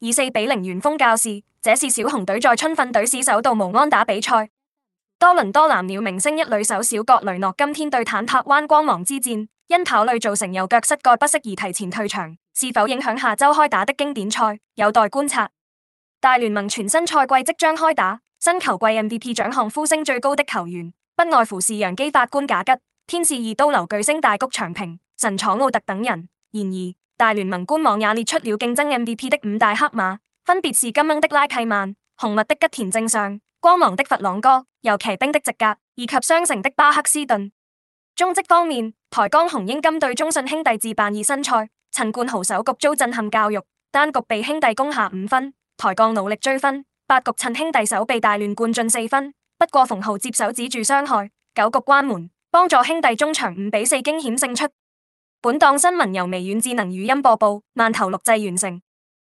以四比零，完封教士。這是小熊隊在春訓隊史首度無安打比賽。多倫多藍鳥明星一壘手小葛雷諾今天對坦帕灣光芒之戰，因跑壘造成右腳膝蓋不適而提前退場，是否影響下周開打的經典賽，有待觀察。大聯盟全新賽季即將開打，新球季 MVP 獎項呼聲最高的球員，不外乎是洋基法官賈吉、天使二刀流巨星大谷翔平、神鱒楚奧特等人。然而，大聯盟官網也列出了競爭 MVP 的五大黑馬，分別是金鶯的拉契曼、紅襪的吉田正尚、光芒的弗朗哥、遊騎兵的席格以及雙城的巴克斯頓。中職方面，台鋼雄鷹今對中信兄弟自辦二新賽，陳冠豪首局遭震撼教育，單局被兄弟攻下五分，台鋼努力追分，八局趁兄弟守備大亂灌進四分，不過馮浩接手止住傷害，九局關門幫助兄弟終場五比四驚險勝出。本檔新聞由微軟智能語音播報，萬頭錄製完成。